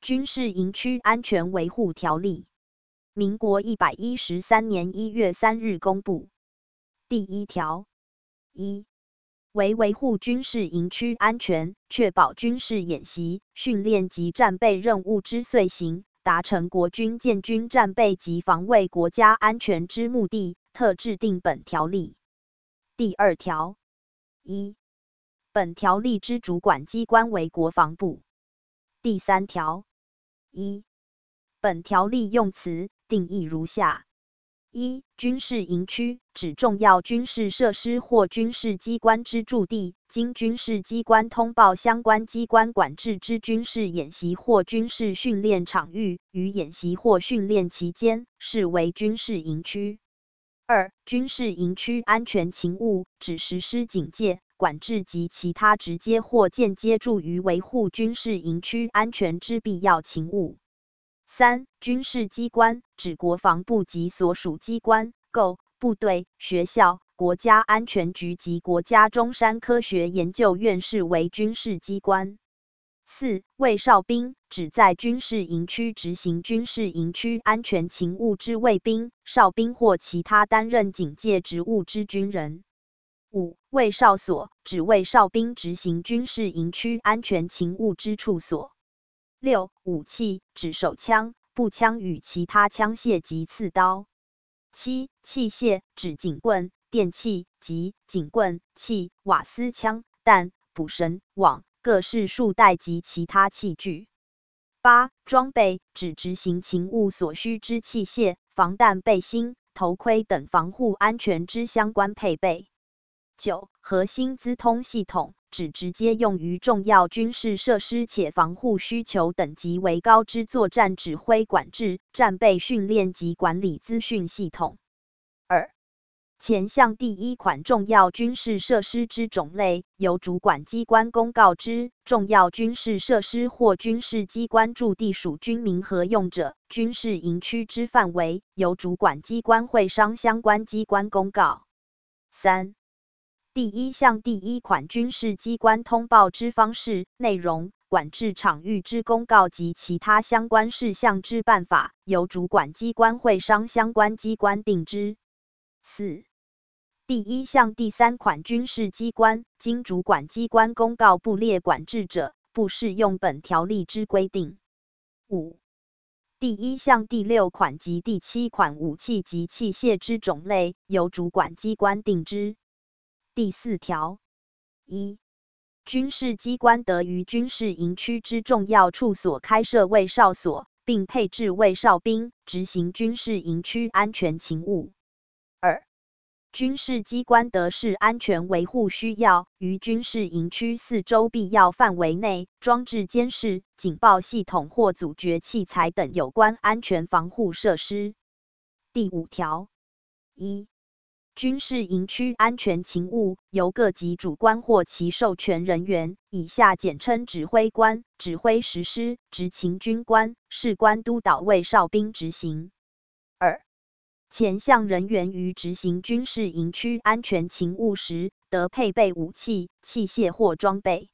軍事營區安全維護條例，民國一百一十三年一月三日公布。第一條：一、為維，維護軍事營區安全，確保軍事演習、訓練及戰備任務之遂行，達成國軍建軍、戰備及防衛國家安全之目的，特制定本條例。第二條：一、本條例之主管機關為國防部。第三條。一、本條例用詞定義如下：一、軍事營區指重要軍事設施或軍事機關之駐地，經軍事機關通報相關機關管制之軍事演習或軍事訓練場域，於演習或訓練期間視為軍事營區。二、軍事營區安全勤務指實施警戒。管制及其他直接或間接助於維護軍事營區安全之必要勤務。三、軍事機關指國防部及所屬機關、構、部隊、學校、國家安全局及國家中山科學研究院視為軍事機關。四、衛哨兵指在軍事營區執行軍事營區安全勤務之衛兵、哨兵或其他擔任警戒職務之軍人。五、衛哨所，指衛哨兵執行軍事營區安全勤務之處所。六、武器，指手槍、步槍與其他槍械及刺刀。七、器械，指警棍、電器及警棍器、瓦斯槍、彈、捕繩網、各式束帶及其他器具。八、裝備，指執行勤務所需之器械、防彈背心、頭盔等防護安全之相關配備。九、核心資通系統，指直接用於重要軍事設施，且防護需求等級為高之作戰指揮管制、戰備訓練及管理資訊系統。二、前項第一款重要軍事設施之種類，由主管機關公告之；重要軍事設施或軍事機關駐地屬軍民合用者，軍事營區之範圍，由主管機關會商相關機關公告。三、第一項第一款軍事機關通報之方式、內容、管制場域之公告及其他相關事項之辦法，由主管機關會商相關機關定之。四、第一項第三款軍事機關經主管機關公告不列管制者，不適用本條例之規定。五、第一項第六款及第七款武器及器械之種類，由主管機關定之。第四條，一、軍事機關得於軍事營區之重要處所開設衛哨所，並配置衛哨兵，執行軍事營區安全勤務。二、軍事機關得視安全維護需要，於軍事營區四周必要範圍內裝置監視、警報系統或阻絕器材等有關安全防護設施。第五條，一、軍事營區安全勤務由各級主官或其授權人員（以下簡稱指揮官）指揮實施，執勤軍官、士官督導衛哨兵執行。二、前項人員於執行軍事營區安全勤務時，得配備武器、器械或裝備。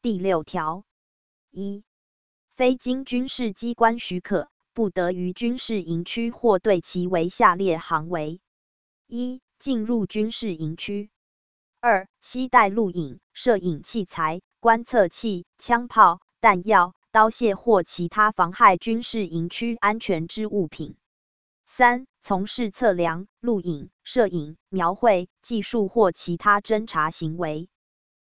第六條：一、非經軍事機關許可，不得於軍事營區或對其為下列行為。一、進入軍事營區；二、攜帶錄影、攝影器材、觀測器、槍炮、彈藥、刀械或其他妨害軍事營區安全之物品；三、從事測量、錄影、攝影、描繪、技術或其他偵查行為；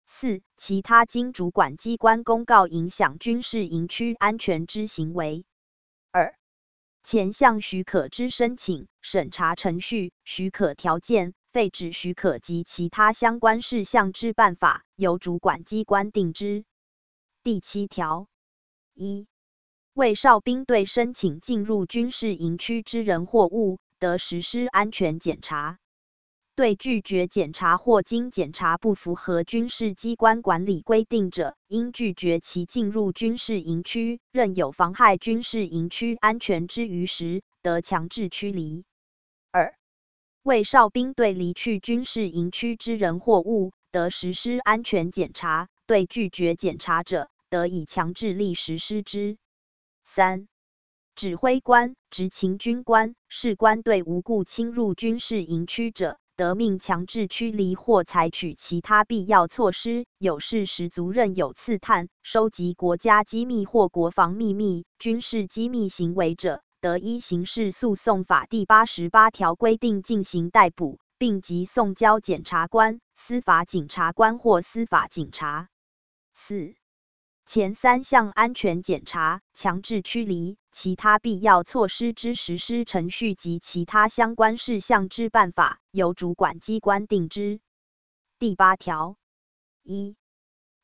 四、其他經主管機關公告影響軍事營區安全之行為。前項許可之申請、審查程序、許可條件、廢止許可及其他相關事項之辦法，由主管機關定之。第七條，一、衛哨兵對申請進入軍事營區之人貨物，得實施安全檢查。對拒絕檢查或經檢查不符合軍事機關管理規定者，應拒絕其進入軍事營區；認有妨害軍事營區安全之虞時，得強制驅離。二、衛哨兵對離去軍事營區之人或物，得實施安全檢查；對拒絕檢查者，得以強制力實施之。三、指揮官、執勤軍官、士官對無故侵入軍事營區者，得命強制驅離或採取其他必要措施，有事實足認有刺探、收集國家機密或國防秘密、軍事機密行為者，得依刑事訴訟法第八十八條規定進行逮捕，並即送交檢察官、司法警察官或司法警察。四。前三項安全檢查、強制驅離、其他必要措施之實施程序及其他相關事項之辦法，由主管機關定之。第八條：一、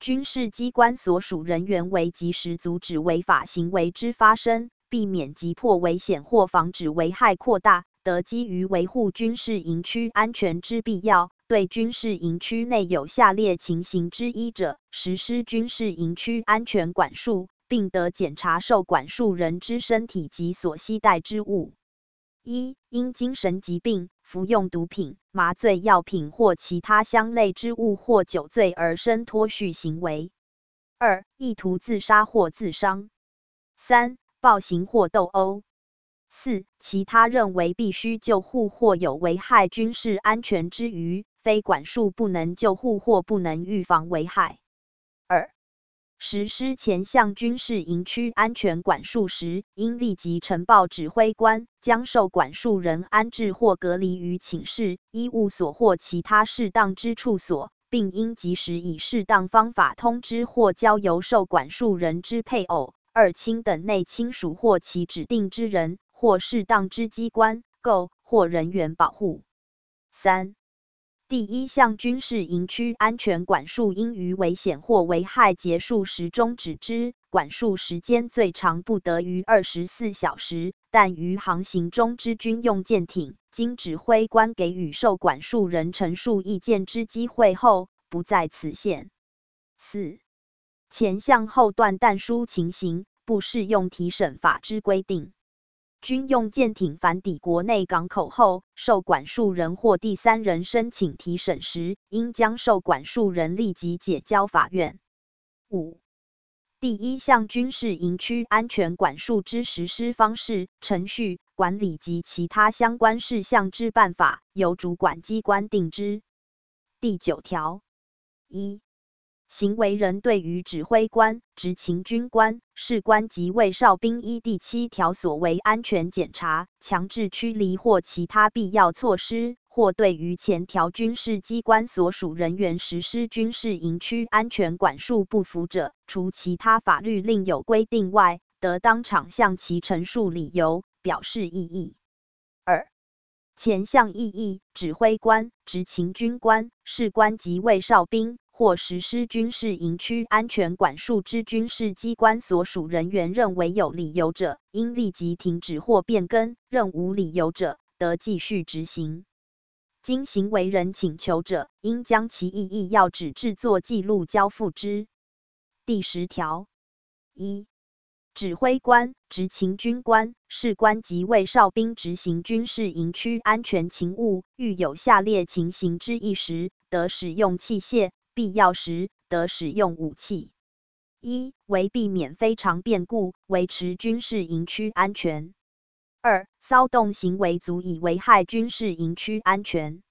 軍事機關所屬人員為及時阻止違法行為之發生，避免急迫危險或防止危害擴大，得基於維護軍事營區安全之必要，對軍事營區內有下列情形之一者，實施軍事營區安全管束，並得檢查受管束人之身體及所攜帶之物：一、因精神疾病、服用毒品、麻醉藥品或其他相類之物或酒醉而生脫序行為；二、意圖自殺或自傷；三、暴行或鬥毆；四、其他認為必須救護或有危害軍事安全之虞。非管束不能救護或不能預防危害。二、實施前向軍事營區安全管束時，應立即呈報指揮官，將受管束人安置或隔離於寢室、醫務所或其他適當之處所，並應及時以適當方法通知或交由受管束人之配偶、二親等內親屬或其指定之人或適當之機關、構或人員保護。三、第一項軍事營區安全管束應於危險或危害結束時終止之，管束時間最長不得逾二十四小時，但於航行中之軍用艦艇，經指揮官給予受管束人陳述意見之機會後，不在此限。四、前項後段但書情形，不適用提審法之規定。軍用艦艇返抵國內港口後，受管束人或第三人申請提審時，應將受管束人立即解交法院。五、第一項軍事營區安全管束之實施方式、程序、管理及其他相關事項之辦法，由主管機關定之。第九條。一。1. 行為人對於指揮官、執勤軍官、士官及衛哨兵依第七條所為安全檢查、強制驅離或其他必要措施，或對於前條軍事機關所屬人員實施軍事營區安全管束不服者，除其他法律另有規定外，得當場向其陳述理由，表示異議。二、前項異議，指揮官、執勤軍官、士官及衛哨兵。或實施軍事營區安全管束之軍事機關所屬人員認為有理由者，應立即停止或變更；認無理由者，得繼續執行。經行為人請求者，應將其異議要旨制作記錄交付之。第十條一、指揮官、執勤軍官、士官及衛哨兵執行軍事營區安全勤務，遇有下列情形之一時，得使用器械。必要時得使用武器：一、為避免非常變故，維持軍事營區安全；二、騷動行為足以危害軍事營區安全；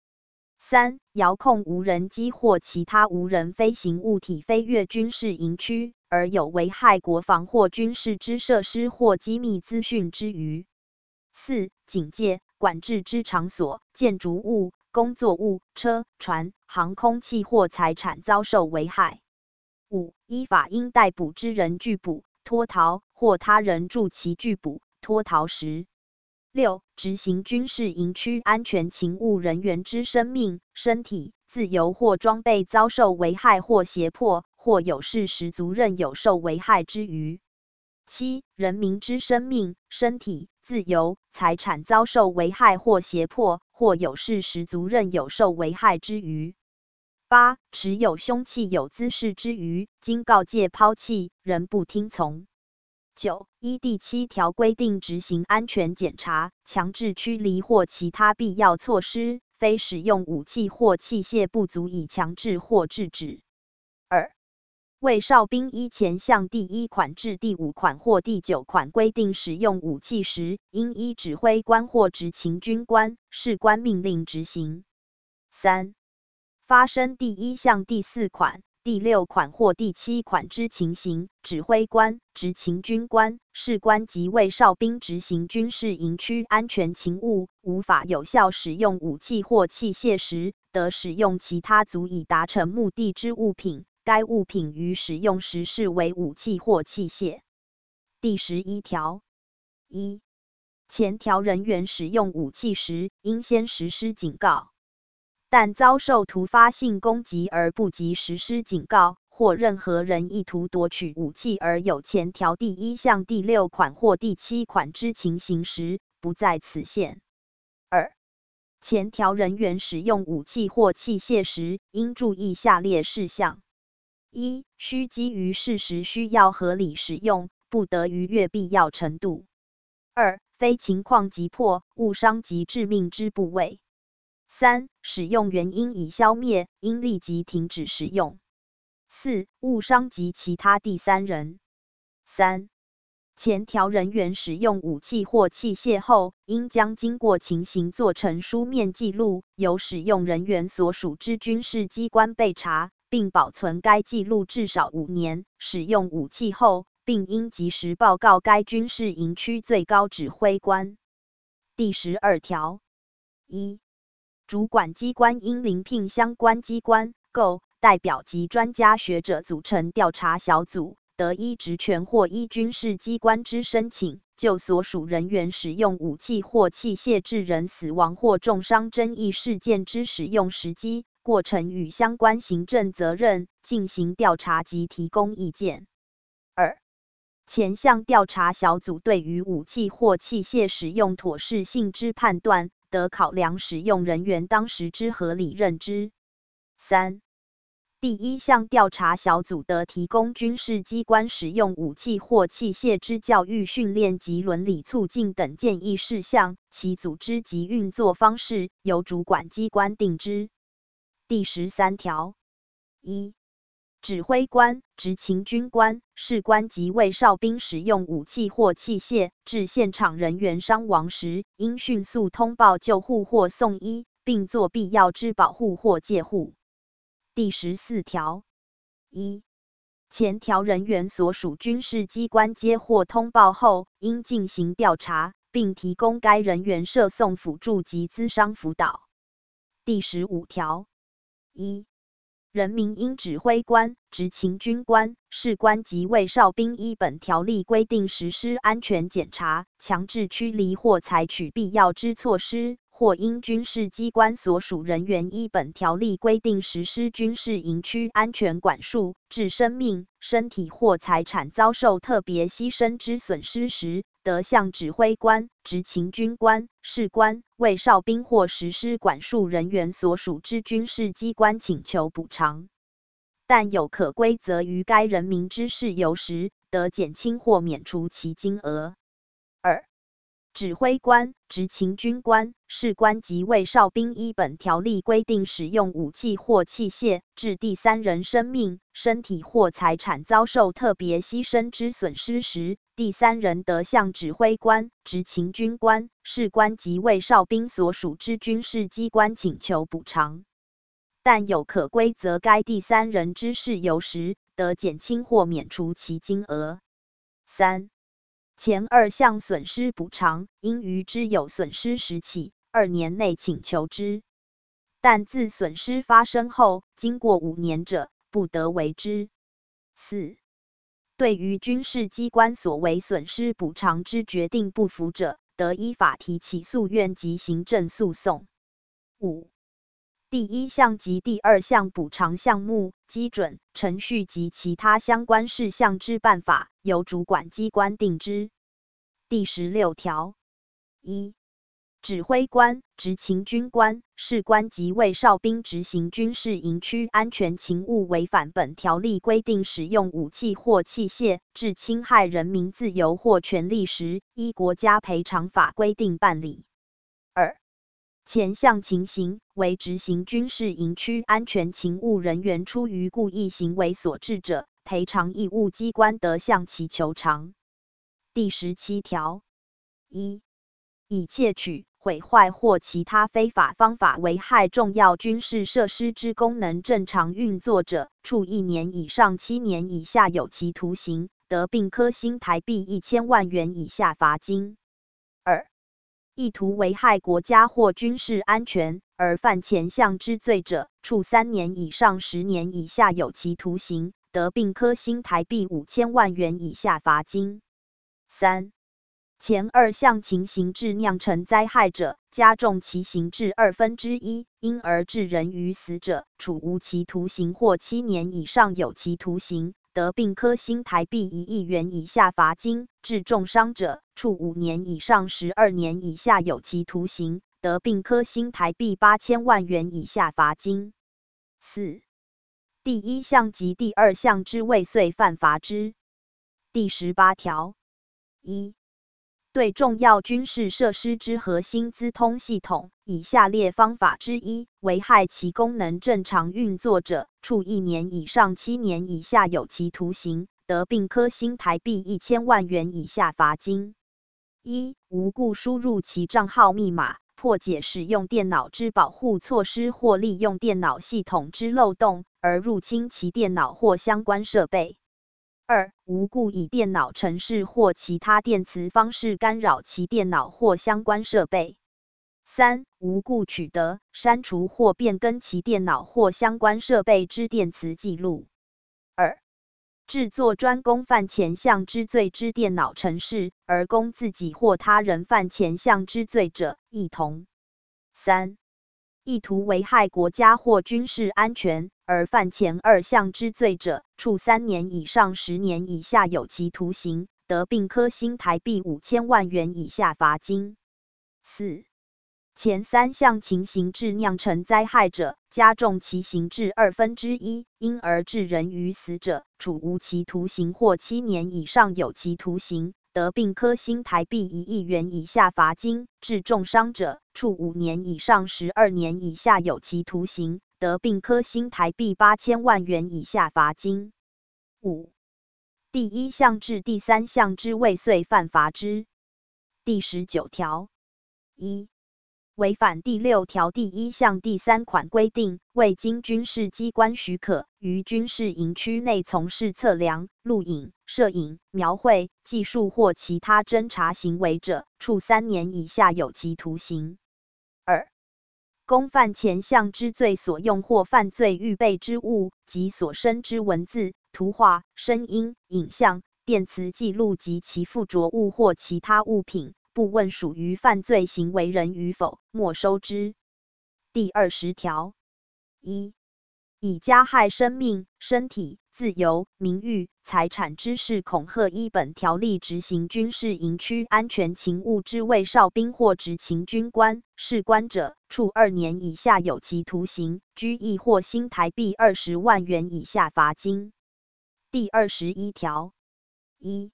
三、遙控無人機或其他無人飛行物體飛越軍事營區，而有危害國防或軍事之設施或機密資訊之虞；四、警戒、管制之場所、建築物、工作物、車、船、航空器或財產遭受危害。五、依法應逮捕之人拒捕、脫逃或他人助其拒捕、脫逃時。六、執行軍事營區安全勤務人員之生命、身體、自由或裝備遭受危害或脅迫，或有事實足認有受危害之虞。七、人民之生命、身體、自由、財產遭受危害或脅迫，或有事實足認有受危害之虞。八、持有兇器有滋事之虞，經告誡拋棄，仍不聽從。九、依第七條規定執行安全檢查、強制驅離或其他必要措施，非使用武器或器械不足以強制或制止。為哨兵依前項第一款至第五款或第九款規定使用武器時，應依指揮官或執勤軍官、士官命令執行。三、發生第一項第四款、第六款或第七款之情形，指揮官、執勤軍官、士官及為哨兵執行軍事營區安全勤務，無法有效使用武器或器械時，得使用其他足以達成目的之物品。該物品於使用時視為武器或器械。第十一條：一、前條人員使用武器時，應先實施警告，但遭受突發性攻擊而不及實施警告，或任何人意圖奪取武器而有前條第一項第六款或第七款之情形時，不在此限。二、前條人員使用武器或器械時，應注意下列事項。一、需基於事實需要，合理使用，不得逾越必要程度。二、非情況急迫，勿傷及致命之部位。三、使用原因已消滅，應立即停止使用。四、勿傷及其他第三人。三、前條人員使用武器或器械後，應將經過情形做成書面記錄，由使用人員所屬之軍事機關備查，並保存該記錄至少五年。使用武器後，並應及時報告該軍事營區最高指揮官。第十二條：一、主管機關應遴聘相關機關、構代表及專家學者組成調查小組，得依職權或依軍事機關之申請，就所屬人員使用武器或器械致人死亡或重傷爭議事件之使用時機。過程與相關行政責任進行調查及提供意見。二、前項調查小組對於武器或器械使用妥適性之判斷，得考量使用人員當時之合理認知。三、第一項調查小組得提供軍事機關使用武器或器械之教育訓練及倫理促進等建議事項，其組織及運作方式由主管機關定之。第十三條：一、指揮官、執勤軍官、士官及衛哨兵使用武器或器械致現場人員傷亡時，應迅速通報救護或送醫，並作必要之保護或戒護。第十四條：一、前條人員所屬軍事機關接獲通報後，應進行調查，並提供該人員涉訟輔助及諮商輔導。第十五條。一、人民因指揮官、執勤軍官、士官及衛哨兵依本條例規定實施安全檢查、強制驅離或採取必要之措施，或因軍事機關所屬人員依本條例規定實施軍事營區安全管束，致生命、身體或財產遭受特別犧牲之損失時，得向指揮官、執勤軍官、士官、衛哨兵或實施管束人員所屬之軍事機關請求補償，但有可歸責於該人民之事由時，得減輕或免除其金額。二、指揮官、執勤軍官、士官及衛哨兵，依本條例規定使用武器或器械致第三人生命、身體或財產遭受特別犧牲之損失時，第三人得向指揮官、執勤軍官、士官及衛哨兵所屬之軍事機關請求補償，但有可歸責該第三人之事由時，得減輕或免除其金額。三前二項損失補償，應於知有損失時起二年內請求之，但自損失發生後經過五年者，不得為之。四、對於軍事機關所為損失補償之決定不服者，得依法提起訴願及行政訴訟。五。第一項及第二項補償項目、基準、程序及其他相關事項之辦法，由主管機關定之。第十六條，一、指揮官、執勤軍官、士官及衛哨兵執行軍事營區安全勤務，違反本條例規定使用武器或器械，致侵害人民自由或權利時，依國家賠償法規定辦理。前項情形，為執行軍事營區安全勤務人員出於故意行為所致者，賠償義務機關得向其求償。第十七條：一、以竊取、毀壞或其他非法方法危害重要軍事設施之功能正常運作者，處一年以上七年以下有期徒刑，得併科新台幣一千萬元以下罰金。二、意圖危害國家或軍事安全而犯前項之罪者，處三年以上十年以下有期徒刑，得併科新台幣五千萬元以下罰金。三、前二項情形致釀成災害者，加重其刑至二分之一；因而致人於死者，處無期徒刑或七年以上有期徒刑。得併科新台幣一億元以下罰金，致重傷者處五年以上十二年以下有期徒刑；得併科新台幣八千萬元以下罰金。四、第一項及第二項之未遂犯罰之。第十八條一。1. 對重要軍事設施之核心資通系統，以下列方法之一，危害其功能正常運作者，處一年以上七年以下有期徒刑，得併科新台幣一千萬元以下罰金：一、無故輸入其賬號密碼，破解使用電腦之保護措施或利用電腦系統之漏洞而入侵其電腦或相關設備。二、無故以電腦程式或其他電磁方式干擾其電腦或相關設備；三、無故取得、刪除或變更其電腦或相關設備之電磁記錄；二、制作專供犯前項之罪之電腦程式，而供自己或他人犯前項之罪者，亦同；三、意圖危害國家或軍事安全。而犯前二項之罪者，處三年以上十年以下有期徒刑，得併科新臺幣五千萬元以下罰金。四、前三項情形致釀成災害者，加重其刑至二分之一；因而致人於死者，處無期徒刑或七年以上有期徒刑，得併科新臺幣一億元以下罰金；致重傷者，處五年以上十二年以下有期徒刑。得併科新台幣八千萬元以下罰金。五、第一項至第三項之未遂犯罰之。第十九條：一、違反第六條第一項第三款規定，未經軍事機關許可，於軍事營區內從事測量、錄影、攝影、描繪、記述或其他偵查行為者，處三年以下有期徒刑。二、供犯前項之罪所用或犯罪預備之物及所生之文字、圖畫、聲音、影像、電磁記錄及其附着物或其他物品，不問屬於犯罪行為人與否，沒收之。第二十條一。1以加害生命、身體、自由、名譽、財產、之事，恐嚇依本條例執行軍事營區安全勤務之衛哨兵或執勤軍官、士官者，處二年以下有期徒刑、拘役或新台幣二十萬元以下罰金。第二十一條一。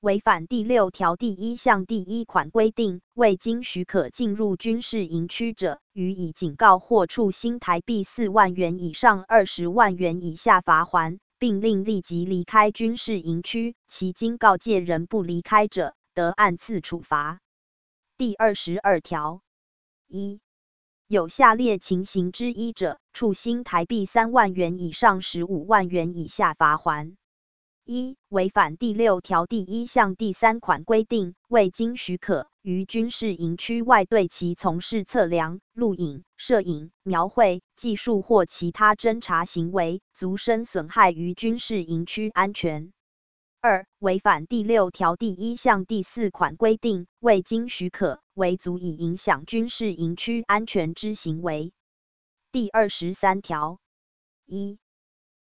違反第六條第一項第一款規定，未經許可進入軍事營區者，予以警告或處新台幣四萬元以上二十萬元以下罰鍰，並令立即離開軍事營區；其經告誡仍不離開者，得按次處罰。第二十二條一、有下列情形之一者，處新台幣三萬元以上十五萬元以下罰鍰。一、違反第六條第一項第三款規定，未經許可於軍事營區外對其從事測量、錄影、攝影、描繪、技術或其他偵查行為，足生損害於軍事營區安全。二、違反第六條第一項第四款規定，未經許可為足以影響軍事營區安全之行為。第二十三條一。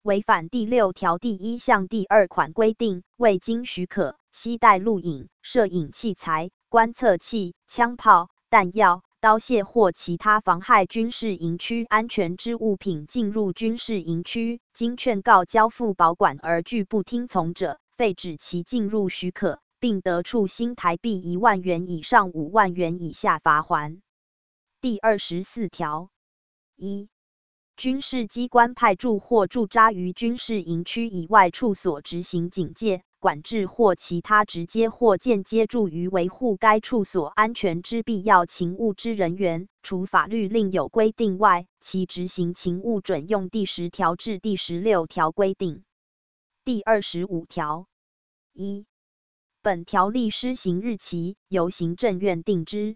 違反第六條第一項第二款規定，未經許可，攜帶錄影、攝影器材、觀測器、槍炮、彈藥、刀械或其他妨害軍事營區安全之物品進入軍事營區，經勸告交付保管而拒不聽從者，廢止其進入許可，並得處新台幣一萬元以上五萬元以下罰鍰。第二十四條。一。軍事機關派駐或駐紮於軍事營區以外處所執行警戒、管制或其他直接或間接助於維護該處所安全之必要勤務之人員，除法律另有規定外，其執行勤務準用第十條至第十六條規定。第二十五條。一、本條例施行日期由行政院定之。